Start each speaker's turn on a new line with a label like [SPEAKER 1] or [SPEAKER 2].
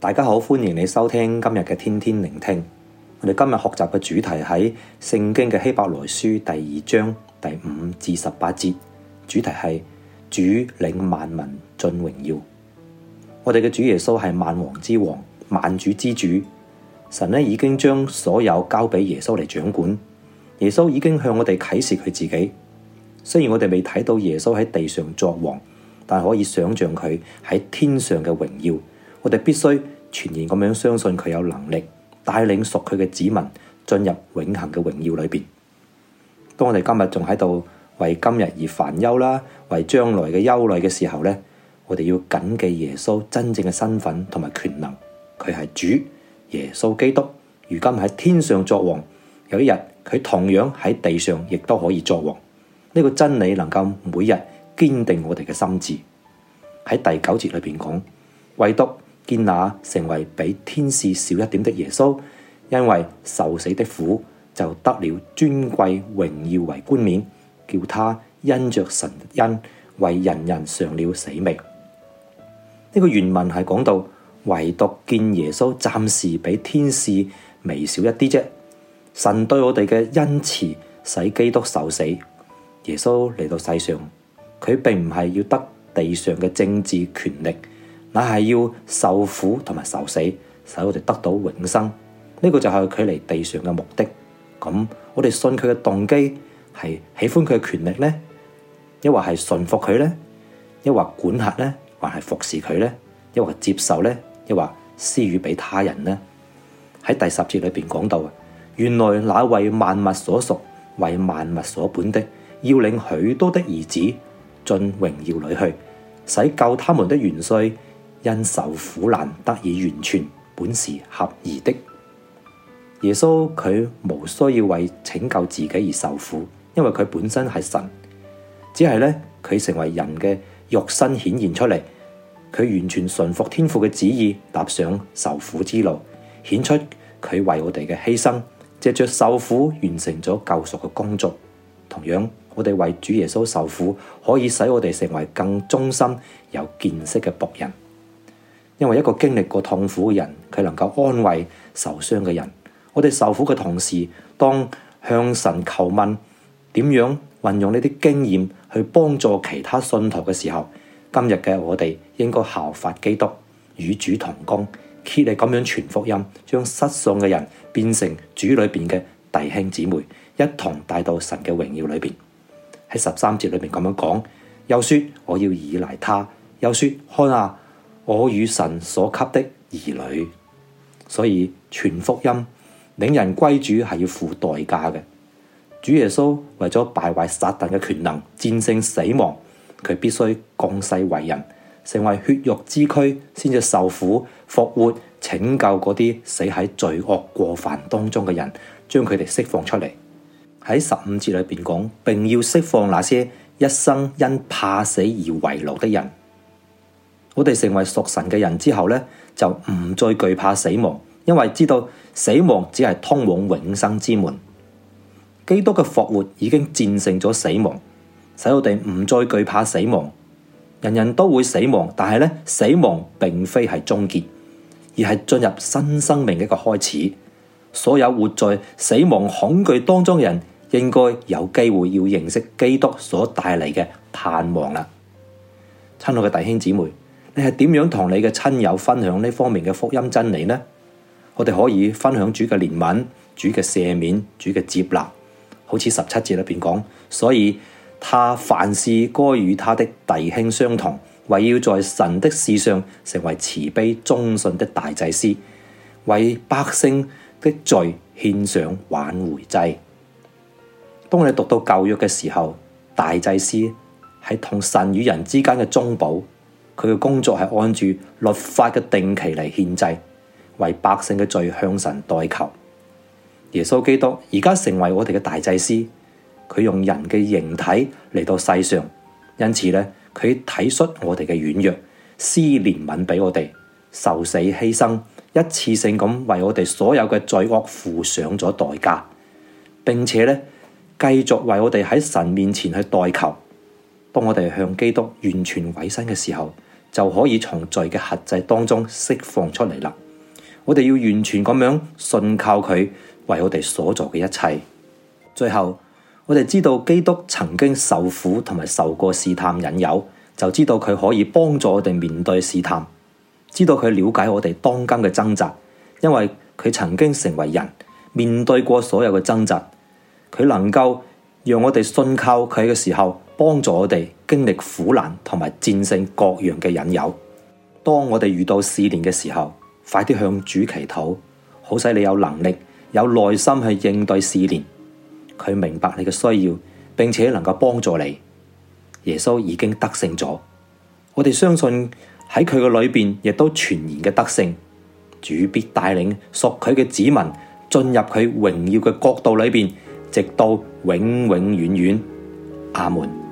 [SPEAKER 1] 大家好，歡迎你收聽今日嘅天天聆聽。我哋今日學習嘅主題係聖經嘅希伯來書第二章第五至十八節，主題係主領萬民進榮耀。我哋嘅主耶穌係萬王之王、萬主之主，神呢已經將所有交俾耶穌嚟掌管。耶穌已經向我哋啟示佢自己。雖然我哋未睇到耶穌喺地上作王，但可以想象佢喺天上嘅榮耀。我哋必須全然咁樣相信佢有能力帶領屬佢嘅子民進入永恆嘅榮耀裏邊。當我哋今日仲喺度為今日而煩憂啦，為將來嘅憂慮嘅時候呢，我哋要謹記耶穌真正嘅身份同埋權能。佢係主耶穌基督，如今喺天上作王，有一日佢同樣喺地上亦都可以作王。呢個真理能夠每日堅定我哋嘅心志。喺第九節裏邊講，唯獨。見那成為比天使小一點的耶穌，因為受死的苦，就得了尊貴榮耀為冠冕，叫他因着神恩，為人人嘗了死味。呢、這個原文係講到，唯獨見耶穌暫時比天使微小一啲啫。神對我哋嘅恩慈使基督受死，耶穌嚟到世上，佢並唔係要得地上嘅政治權力。乃係要受苦同埋受死，使我哋得到永生。呢、這個就係佢嚟地上嘅目的。咁我哋信佢嘅動機係喜歡佢嘅權力呢？抑或係順服佢呢？抑或管轄呢？還係服侍佢呢？抑或接受呢？抑或施予俾他人呢？喺第十節裏邊講到，啊，原來那為萬物所屬、為萬物所本的，要領許多的兒子進榮耀裏去，使救他們的元帥。因受苦難得以完全，本是合宜的。耶穌佢無需要為拯救自己而受苦，因為佢本身係神，只係咧佢成為人嘅肉身顯現出嚟，佢完全順服天父嘅旨意，踏上受苦之路，顯出佢為我哋嘅犧牲，借着受苦完成咗救贖嘅工作。同樣，我哋為主耶穌受苦，可以使我哋成為更忠心有見識嘅僕人。因為一個經歷過痛苦嘅人，佢能夠安慰受傷嘅人。我哋受苦嘅同時，當向神求問點樣運用呢啲經驗去幫助其他信徒嘅時候，今日嘅我哋應該效法基督，與主同工，竭力咁樣傳福音，將失喪嘅人變成主裏邊嘅弟兄姊妹，一同帶到神嘅榮耀裏邊。喺十三節裏面咁樣講，又說，我要倚賴他，又說，看哪。我與神所給的兒女，所以傳福音、領人歸主係要付代價嘅。主耶穌為咗敗壞撒但嘅權能、戰勝死亡，佢必須降世為人，成為血肉之軀，先至受苦復活、拯救嗰啲死喺罪惡過犯當中嘅人，將佢哋釋放出嚟。喺十五節裏邊講，並要釋放那些一生因怕死而為奴僕的人。我哋成為屬神嘅人之後呢，就唔再懼怕死亡，因為知道死亡只係通往永生之門。基督嘅復活已經戰勝咗死亡，使我哋唔再懼怕死亡。人人都會死亡，但係呢，死亡並非係終結，而係進入新生命嘅一個開始。所有活在死亡恐懼當中嘅人，應該有機會要認識基督所帶嚟嘅盼望啦。親愛嘅弟兄姊妹。你係點樣同你嘅親友分享呢方面嘅福音真理呢？我哋可以分享主嘅憐憫、主嘅赦免、主嘅接納，好似十七節裏邊講。所以，他凡事該與他的弟兄相同，為要在神的事上成為慈悲忠信的大祭司，為百姓的罪獻上挽回祭。當你讀到舊約嘅時候，大祭司係同神與人之間嘅中保。佢嘅工作係按住律法嘅定期嚟獻祭，為百姓嘅罪向神代求。耶穌基督而家成為我哋嘅大祭司，佢用人嘅形體嚟到世上，因此咧佢體恤我哋嘅軟弱，施憐憫俾我哋，受死犧牲，一次性咁為我哋所有嘅罪惡付上咗代價，並且咧繼續為我哋喺神面前去代求。當我哋向基督完全委身嘅時候，就可以從罪嘅轄制當中釋放出嚟啦。我哋要完全咁樣信靠佢，為我哋所做嘅一切。最後，我哋知道基督曾經受苦同埋受過試探引誘，就知道佢可以幫助我哋面對試探，知道佢了解我哋當今嘅掙扎，因為佢曾經成為人，面對過所有嘅掙扎，佢能夠讓我哋信靠佢嘅時候幫助我哋。經歷苦難同埋戰勝各樣嘅引誘。當我哋遇到試煉嘅時候，快啲向主祈禱，好使你有能力、有耐心去應對試煉。佢明白你嘅需要，並且能夠幫助你。耶穌已經得勝咗，我哋相信喺佢嘅裏邊亦都全然嘅得勝。主必帶領屬佢嘅子民進入佢榮耀嘅國度裏邊，直到永永遠遠遠。阿門。